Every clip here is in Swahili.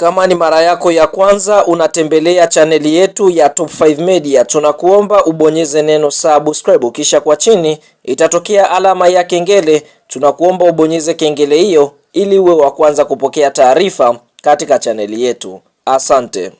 Kama ni mara yako ya kwanza unatembelea chaneli yetu ya Top 5 Media, tunakuomba ubonyeze neno subscribe, kisha kwa chini itatokea alama ya kengele. Tunakuomba ubonyeze kengele hiyo ili uwe wa kwanza kupokea taarifa katika chaneli yetu. Asante.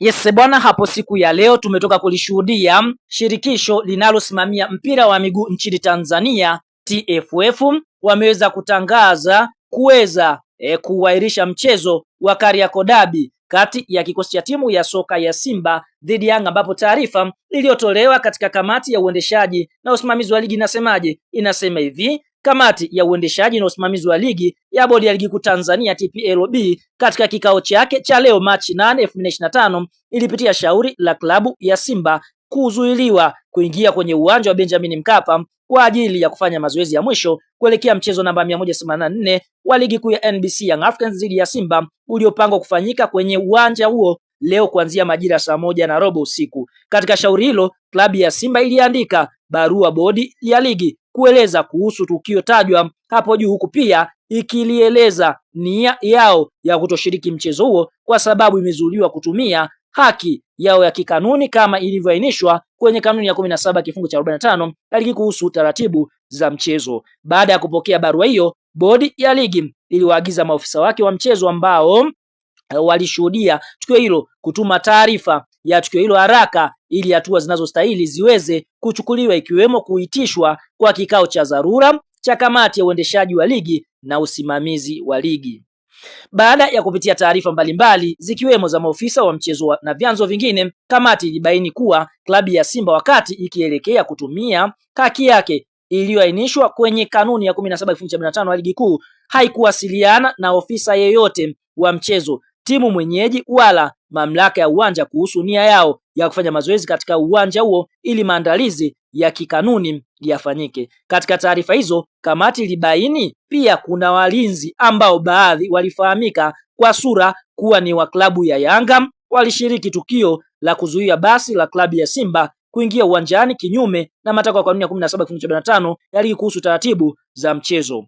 Yes bwana, hapo siku ya leo tumetoka kulishuhudia shirikisho linalosimamia mpira wa miguu nchini Tanzania TFF wameweza kutangaza kuweza e, kuahirisha mchezo wa Kariakoo Derby kati ya kikosi cha timu ya soka ya Simba dhidi ya Yanga, ambapo taarifa iliyotolewa katika kamati ya uendeshaji na usimamizi wa ligi inasemaje? Inasema hivi: Kamati ya uendeshaji na usimamizi wa ligi ya Bodi ya Ligi Kuu Tanzania TPLB katika kikao chake cha leo Machi 8, 2025 ilipitia shauri la klabu ya Simba kuzuiliwa kuingia kwenye uwanja wa Benjamin Mkapa kwa ajili ya kufanya mazoezi ya mwisho kuelekea mchezo namba 184 wa ligi kuu ya NBC Young Africans dhidi ya Simba uliopangwa kufanyika kwenye uwanja huo leo kuanzia majira saa moja na robo usiku. Katika shauri hilo, klabu ya Simba iliandika barua bodi ya ligi kueleza kuhusu tukio tajwa hapo juu, huku pia ikilieleza nia yao ya kutoshiriki mchezo huo kwa sababu imezuiliwa kutumia haki yao ya kikanuni kama ilivyoainishwa kwenye kanuni ya kumi na saba kifungu cha 45 ya ligi kuhusu taratibu za mchezo. Baada ya kupokea barua hiyo, bodi ya ligi iliwaagiza maofisa wake wa mchezo ambao eh, walishuhudia tukio hilo kutuma taarifa ya tukio hilo haraka ili hatua zinazostahili ziweze kuchukuliwa ikiwemo kuitishwa kwa kikao cha dharura cha kamati ya uendeshaji wa ligi na usimamizi wa ligi. Baada ya kupitia taarifa mbalimbali zikiwemo za maofisa wa mchezo na vyanzo vingine, kamati ilibaini kuwa klabu ya Simba wakati ikielekea kutumia haki yake iliyoainishwa kwenye kanuni ya 17 ya ligi kuu haikuwasiliana na ofisa yeyote wa mchezo, timu mwenyeji wala mamlaka ya uwanja kuhusu nia yao ya kufanya mazoezi katika uwanja huo ili maandalizi ya kikanuni yafanyike. Katika taarifa hizo, kamati ilibaini pia kuna walinzi ambao baadhi walifahamika kwa sura kuwa ni wa klabu ya Yanga walishiriki tukio la kuzuia basi la klabu ya Simba kuingia uwanjani kinyume na matakwa ya kanuni ya 17 na ya ligi kuhusu taratibu za mchezo.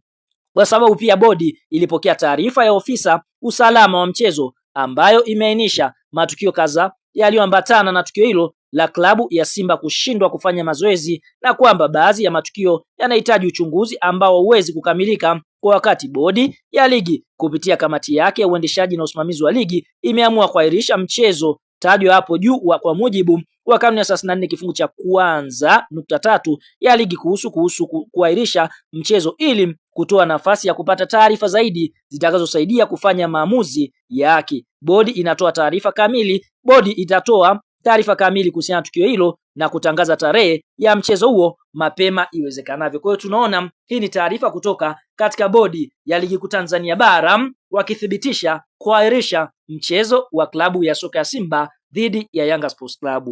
Kwa sababu pia bodi ilipokea taarifa ya ofisa usalama wa mchezo ambayo imeainisha matukio kadhaa yaliyoambatana na tukio hilo la klabu ya Simba kushindwa kufanya mazoezi na kwamba baadhi ya matukio yanahitaji uchunguzi ambao huwezi kukamilika kwa wakati. Bodi ya ligi kupitia kamati yake ya uendeshaji na usimamizi wa ligi imeamua kuahirisha mchezo tajwa hapo juu wa kwa mujibu wa kanuni ya thelathini na nne kifungu cha kwanza nukta tatu ya ligi kuhusu kuhusu kuahirisha mchezo ili kutoa nafasi ya kupata taarifa zaidi zitakazosaidia kufanya maamuzi yake. Bodi inatoa taarifa kamili. Bodi itatoa taarifa kamili kuhusiana na tukio hilo na kutangaza tarehe ya mchezo huo mapema iwezekanavyo. Kwa hiyo tunaona hii ni taarifa kutoka katika bodi ya ligi kuu Tanzania bara wakithibitisha kuahirisha mchezo wa klabu ya soka ya Simba dhidi ya Yanga Sports Club.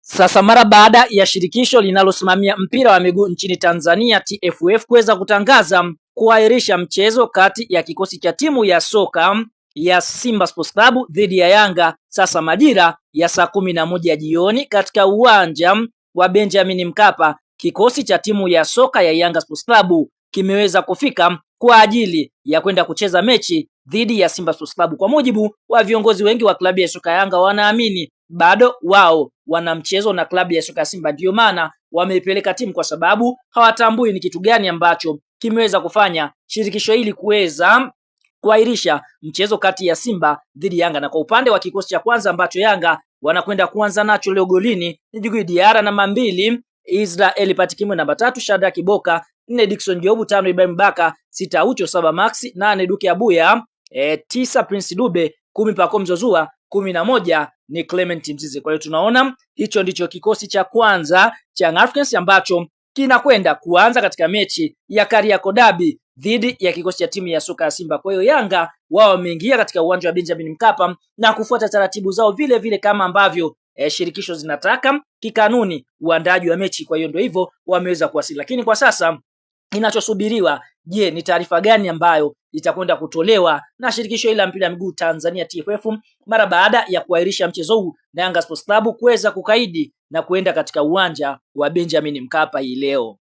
Sasa mara baada ya shirikisho linalosimamia mpira wa miguu nchini Tanzania TFF kuweza kutangaza kuahirisha mchezo kati ya kikosi cha timu ya soka ya Simba Sports Club dhidi ya Yanga sasa majira ya saa kumi na moja jioni katika uwanja wa Benjamin Mkapa, kikosi cha timu ya soka ya Yanga Sports Club kimeweza kufika kwa ajili ya kwenda kucheza mechi dhidi ya Simba Sports Club. Kwa mujibu wa viongozi wengi wa klabu ya soka Yanga, wanaamini bado wao wana mchezo na klabu ya soka Simba, ndiyo maana wameipeleka timu, kwa sababu hawatambui ni kitu gani ambacho kimeweza kufanya shirikisho hili kuweza kuahirisha mchezo kati ya Simba dhidi ya Yanga. Na kwa upande wa kikosi cha kwanza ambacho Yanga wanakwenda kuanza nacho leo, golini ni Djigui Diara namba mbili, Israel Patikimwe namba tatu, Shadrack Kiboka nne, Dickson Jobu tano, Ibrahim Baka sita, Ucho saba, Maxi nane, Duke Abuya e, tisa Prince Dube, kumi pako mzozua kumi na moja ni Clement Mzize. Kwa hiyo tunaona hicho ndicho kikosi cha kwanza cha Young Africans ambacho kinakwenda kuanza katika mechi ya Kariakoo Derby dhidi ya kikosi cha timu ya soka ya Simba. Kwa hiyo Yanga wao wameingia katika uwanja wa Benjamin Mkapa na kufuata taratibu zao vile vile kama ambavyo E, shirikisho zinataka kikanuni uandaji wa mechi. Kwa hiyo ndio hivyo wameweza kuwasili, lakini kwa sasa inachosubiriwa Je, ni taarifa gani ambayo itakwenda kutolewa na shirikisho hili la mpira wa miguu Tanzania TFF mara baada ya kuahirisha mchezo huu na Yanga Sports Club kuweza kukaidi na kuenda katika uwanja wa Benjamin Mkapa hii leo.